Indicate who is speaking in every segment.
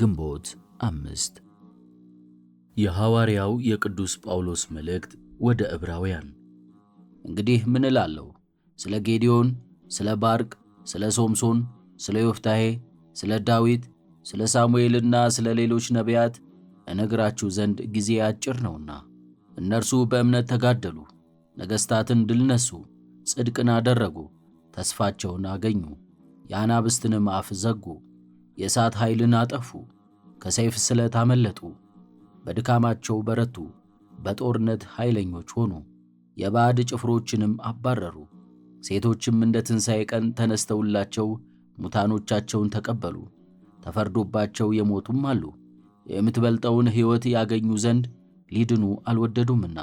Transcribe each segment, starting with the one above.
Speaker 1: ግንቦት አምስት የሐዋርያው የቅዱስ ጳውሎስ መልእክት ወደ ዕብራውያን። እንግዲህ ምን እላለሁ? ስለ ጌዲዮን፣ ስለ ባርቅ፣ ስለ ሶምሶን፣ ስለ ዮፍታሄ፣ ስለ ዳዊት፣ ስለ ሳሙኤልና ስለ ሌሎች ነቢያት እነግራችሁ ዘንድ ጊዜ አጭር ነውና። እነርሱ በእምነት ተጋደሉ፣ ነገሥታትን ድል ነሱ፣ ጽድቅን አደረጉ፣ ተስፋቸውን አገኙ፣ የአናብስትንም አፍ ዘጉ። የእሳት ኃይልን አጠፉ፣ ከሰይፍ ስለት አመለጡ፣ በድካማቸው በረቱ፣ በጦርነት ኃይለኞች ሆኑ፣ የባዕድ ጭፍሮችንም አባረሩ። ሴቶችም እንደ ትንሣኤ ቀን ተነስተውላቸው ሙታኖቻቸውን ተቀበሉ፣ ተፈርዶባቸው የሞቱም አሉ። የምትበልጠውን ሕይወት ያገኙ ዘንድ ሊድኑ አልወደዱምና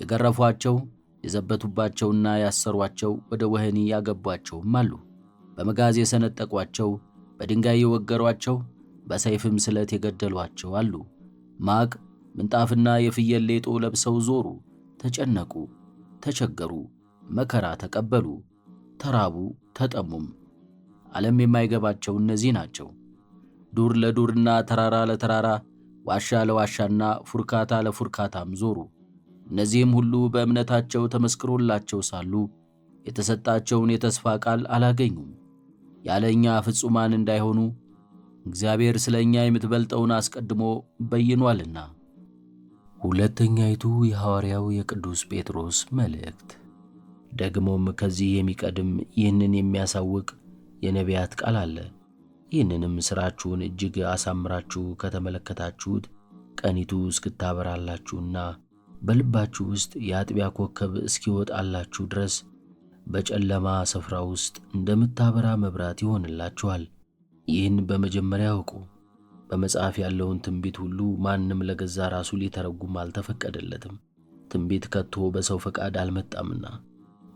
Speaker 1: የገረፏቸው የዘበቱባቸውና ያሰሯቸው ወደ ወህኒ ያገቧቸውም አሉ። በመጋዝ የሰነጠቋቸው በድንጋይ የወገሯቸው በሰይፍም ስለት የገደሏቸው አሉ። ማቅ ምንጣፍና የፍየል ሌጦ ለብሰው ዞሩ፣ ተጨነቁ፣ ተቸገሩ፣ መከራ ተቀበሉ፣ ተራቡ፣ ተጠሙም። ዓለም የማይገባቸው እነዚህ ናቸው። ዱር ለዱርና ተራራ ለተራራ ዋሻ ለዋሻና ፉርካታ ለፉርካታም ዞሩ። እነዚህም ሁሉ በእምነታቸው ተመስክሮላቸው ሳሉ የተሰጣቸውን የተስፋ ቃል አላገኙም። ያለ እኛ ፍጹማን እንዳይሆኑ እግዚአብሔር ስለ እኛ የምትበልጠውን አስቀድሞ በይኗልና። ሁለተኛይቱ የሐዋርያው የቅዱስ ጴጥሮስ መልእክት። ደግሞም ከዚህ የሚቀድም ይህንን የሚያሳውቅ የነቢያት ቃል አለ። ይህንንም ሥራችሁን እጅግ አሳምራችሁ ከተመለከታችሁት ቀኒቱ እስክታበራላችሁና በልባችሁ ውስጥ የአጥቢያ ኮከብ እስኪወጣላችሁ ድረስ በጨለማ ስፍራ ውስጥ እንደምታበራ መብራት ይሆንላችኋል። ይህን በመጀመሪያ አውቁ። በመጽሐፍ ያለውን ትንቢት ሁሉ ማንም ለገዛ ራሱ ሊተረጉም አልተፈቀደለትም፣ ትንቢት ከቶ በሰው ፈቃድ አልመጣምና።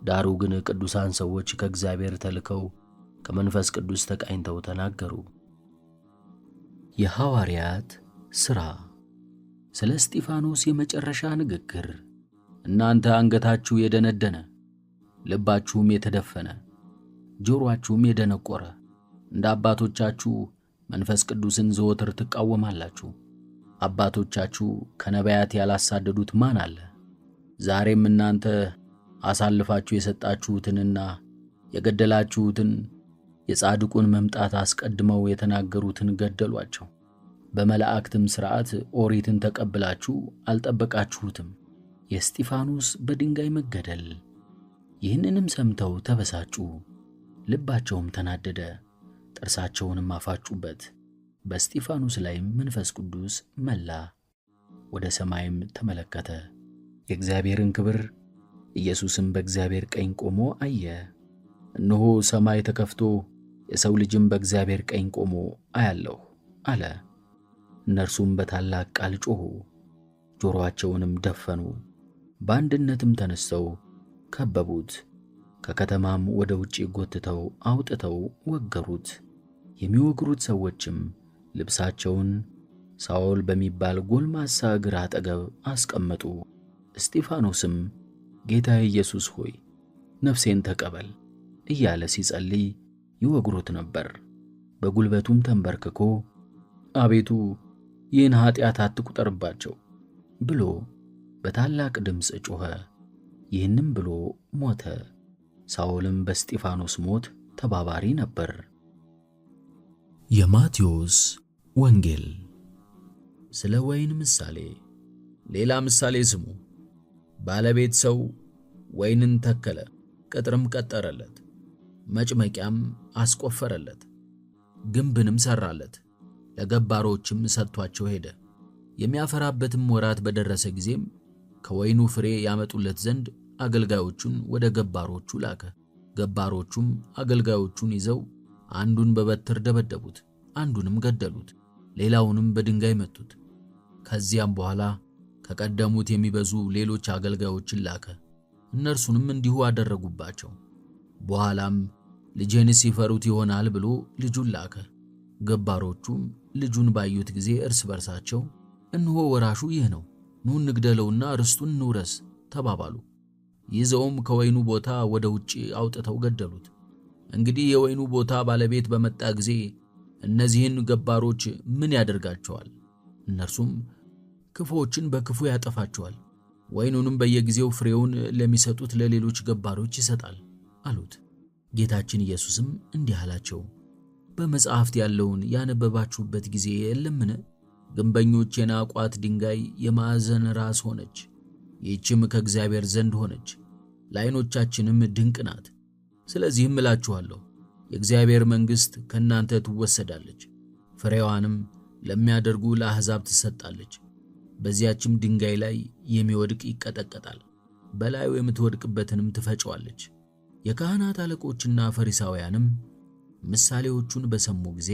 Speaker 1: ዳሩ ግን ቅዱሳን ሰዎች ከእግዚአብሔር ተልከው ከመንፈስ ቅዱስ ተቃኝተው ተናገሩ። የሐዋርያት ሥራ ስለ እስጢፋኖስ የመጨረሻ ንግግር። እናንተ አንገታችሁ የደነደነ ልባችሁም የተደፈነ ጆሮአችሁም የደነቆረ እንደ አባቶቻችሁ መንፈስ ቅዱስን ዘወትር ትቃወማላችሁ። አባቶቻችሁ ከነቢያት ያላሳደዱት ማን አለ? ዛሬም እናንተ አሳልፋችሁ የሰጣችሁትንና የገደላችሁትን የጻድቁን መምጣት አስቀድመው የተናገሩትን ገደሏቸው። በመላእክትም ሥርዓት ኦሪትን ተቀብላችሁ አልጠበቃችሁትም። የእስጢፋኖስ በድንጋይ መገደል ይህንንም ሰምተው ተበሳጩ፣ ልባቸውም ተናደደ፣ ጥርሳቸውንም አፋጩበት። በእስጢፋኖስ ላይም መንፈስ ቅዱስ መላ፣ ወደ ሰማይም ተመለከተ፣ የእግዚአብሔርን ክብር። ኢየሱስም በእግዚአብሔር ቀኝ ቆሞ አየ። እነሆ ሰማይ ተከፍቶ የሰው ልጅም በእግዚአብሔር ቀኝ ቆሞ አያለሁ አለ። እነርሱም በታላቅ ቃል ጮኹ፣ ጆሮአቸውንም ደፈኑ፣ በአንድነትም ተነስተው ከበቡት። ከከተማም ወደ ውጭ ጎትተው አውጥተው ወገሩት። የሚወግሩት ሰዎችም ልብሳቸውን ሳውል በሚባል ጎልማሳ እግር አጠገብ አስቀመጡ። እስጢፋኖስም ጌታ ኢየሱስ ሆይ ነፍሴን ተቀበል እያለ ሲጸልይ ይወግሩት ነበር። በጉልበቱም ተንበርክኮ አቤቱ ይህን ኃጢአት አትቁጠርባቸው ብሎ በታላቅ ድምፅ ጮኸ። ይህንም ብሎ ሞተ። ሳውልም በስጢፋኖስ ሞት ተባባሪ ነበር። የማቴዎስ ወንጌል ስለ ወይን ምሳሌ። ሌላ ምሳሌ ስሙ። ባለቤት ሰው ወይንን ተከለ፣ ቅጥርም ቀጠረለት፣ መጭመቂያም አስቆፈረለት፣ ግንብንም ሰራለት፣ ለገባሮችም ሰጥቷቸው ሄደ። የሚያፈራበትም ወራት በደረሰ ጊዜም ከወይኑ ፍሬ ያመጡለት ዘንድ አገልጋዮቹን ወደ ገባሮቹ ላከ። ገባሮቹም አገልጋዮቹን ይዘው አንዱን በበትር ደበደቡት፣ አንዱንም ገደሉት፣ ሌላውንም በድንጋይ መቱት። ከዚያም በኋላ ከቀደሙት የሚበዙ ሌሎች አገልጋዮችን ላከ። እነርሱንም እንዲሁ አደረጉባቸው። በኋላም ልጄንስ ይፈሩት ይሆናል ብሎ ልጁን ላከ። ገባሮቹም ልጁን ባዩት ጊዜ እርስ በርሳቸው እንሆ ወራሹ ይህ ነው፣ ኑ እንግደለውና ርስቱን እንውረስ ተባባሉ። ይዘውም ከወይኑ ቦታ ወደ ውጭ አውጥተው ገደሉት። እንግዲህ የወይኑ ቦታ ባለቤት በመጣ ጊዜ እነዚህን ገባሮች ምን ያደርጋቸዋል? እነርሱም ክፉዎችን በክፉ ያጠፋቸዋል። ወይኑንም በየጊዜው ፍሬውን ለሚሰጡት ለሌሎች ገባሮች ይሰጣል አሉት። ጌታችን ኢየሱስም እንዲህ አላቸው፣ በመጽሐፍት ያለውን ያነበባችሁበት ጊዜ የለምን? ግንበኞች የናቋት ድንጋይ የማዕዘን ራስ ሆነች። ይህችም ከእግዚአብሔር ዘንድ ሆነች፣ ለዓይኖቻችንም ድንቅ ናት። ስለዚህም እላችኋለሁ የእግዚአብሔር መንግሥት ከእናንተ ትወሰዳለች፣ ፍሬዋንም ለሚያደርጉ ለአሕዛብ ትሰጣለች። በዚያችም ድንጋይ ላይ የሚወድቅ ይቀጠቀጣል፣ በላዩ የምትወድቅበትንም ትፈጨዋለች። የካህናት አለቆችና ፈሪሳውያንም ምሳሌዎቹን በሰሙ ጊዜ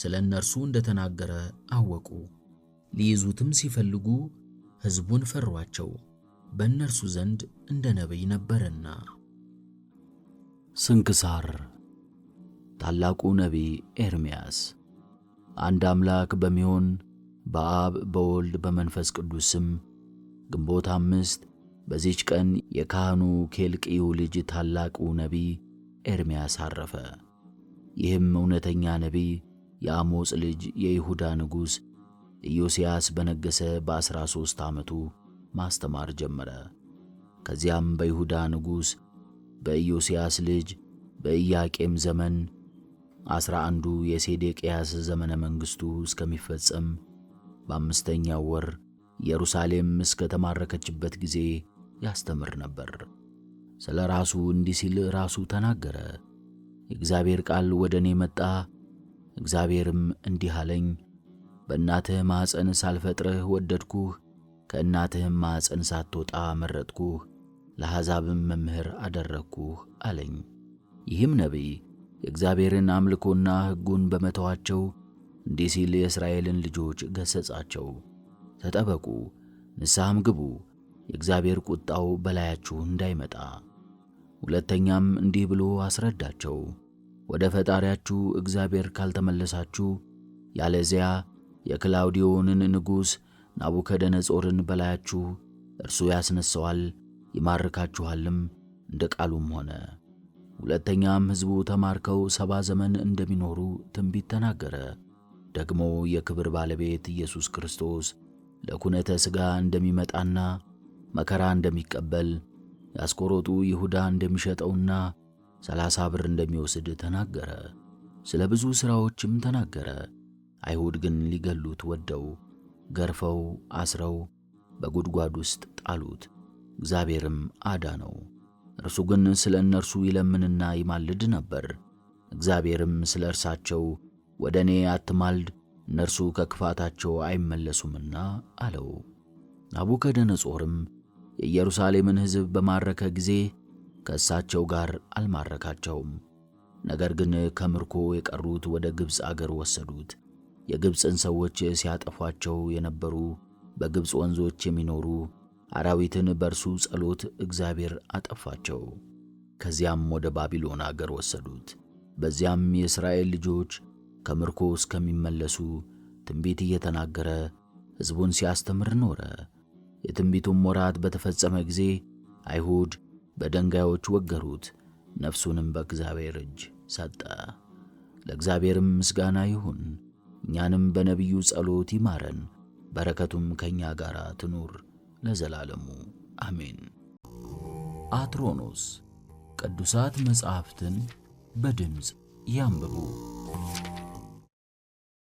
Speaker 1: ስለ እነርሱ እንደተናገረ አወቁ። ሊይዙትም ሲፈልጉ ሕዝቡን ፈሯቸው፣ በእነርሱ ዘንድ እንደ ነቢይ ነበርና። ስንክሳር ታላቁ ነቢይ ኤርምያስ። አንድ አምላክ በሚሆን በአብ በወልድ በመንፈስ ቅዱስ ስም ግንቦት አምስት በዚች ቀን የካህኑ ኬልቅዩ ልጅ ታላቁ ነቢይ ኤርምያስ አረፈ። ይህም እውነተኛ ነቢይ የአሞጽ ልጅ የይሁዳ ንጉሥ ኢዮስያስ በነገሰ በአስራ ሦስት ዓመቱ ማስተማር ጀመረ። ከዚያም በይሁዳ ንጉሥ በኢዮስያስ ልጅ በኢያቄም ዘመን ዐሥራ አንዱ የሴዴቅያስ ዘመነ መንግሥቱ እስከሚፈጸም በአምስተኛው ወር ኢየሩሳሌም ተማረከችበት ጊዜ ያስተምር ነበር። ስለ ራሱ እንዲህ ሲል ራሱ ተናገረ። የእግዚአብሔር ቃል ወደ እኔ መጣ። እግዚአብሔርም እንዲህ አለኝ በእናትህ ማኅፀን ሳልፈጥርህ ወደድኩህ፣ ከእናትህም ማኅፀን ሳትወጣ መረጥኩህ፣ ለአሕዛብም መምህር አደረግኩህ አለኝ። ይህም ነቢይ የእግዚአብሔርን አምልኮና ሕጉን በመተዋቸው እንዲህ ሲል የእስራኤልን ልጆች ገሠጻቸው። ተጠበቁ፣ ንስሐም ግቡ፣ የእግዚአብሔር ቁጣው በላያችሁ እንዳይመጣ። ሁለተኛም እንዲህ ብሎ አስረዳቸው። ወደ ፈጣሪያችሁ እግዚአብሔር ካልተመለሳችሁ ያለዚያ የክላውዲዮንን ንጉሥ ናቡከደነጾርን በላያችሁ እርሱ ያስነሣዋል፣ ይማርካችኋልም እንደ ቃሉም ሆነ። ሁለተኛም ሕዝቡ ተማርከው ሰባ ዘመን እንደሚኖሩ ትንቢት ተናገረ። ደግሞ የክብር ባለቤት ኢየሱስ ክርስቶስ ለኩነተ ሥጋ እንደሚመጣና መከራ እንደሚቀበል ያስቆሮጡ ይሁዳ እንደሚሸጠውና ሰላሳ ብር እንደሚወስድ ተናገረ። ስለ ብዙ ሥራዎችም ተናገረ። አይሁድ ግን ሊገሉት ወደው ገርፈው አስረው በጉድጓድ ውስጥ ጣሉት። እግዚአብሔርም አዳነው። እርሱ ግን ስለ እነርሱ ይለምንና ይማልድ ነበር። እግዚአብሔርም ስለ እርሳቸው ወደ እኔ አትማልድ፣ እነርሱ ከክፋታቸው አይመለሱምና አለው። ናቡከደነጾርም የኢየሩሳሌምን ሕዝብ በማረከ ጊዜ ከእሳቸው ጋር አልማረካቸውም። ነገር ግን ከምርኮ የቀሩት ወደ ግብፅ አገር ወሰዱት። የግብፅን ሰዎች ሲያጠፏቸው የነበሩ በግብፅ ወንዞች የሚኖሩ አራዊትን በእርሱ ጸሎት እግዚአብሔር አጠፋቸው። ከዚያም ወደ ባቢሎን አገር ወሰዱት። በዚያም የእስራኤል ልጆች ከምርኮ እስከሚመለሱ ትንቢት እየተናገረ ሕዝቡን ሲያስተምር ኖረ። የትንቢቱም ወራት በተፈጸመ ጊዜ አይሁድ በድንጋዮች ወገሩት፣ ነፍሱንም በእግዚአብሔር እጅ ሰጠ። ለእግዚአብሔርም ምስጋና ይሁን። እኛንም በነቢዩ ጸሎት ይማረን፣ በረከቱም ከእኛ ጋር ትኑር ለዘላለሙ አሜን። አትሮኖስ ቅዱሳት መጻሕፍትን በድምፅ ያንብቡ።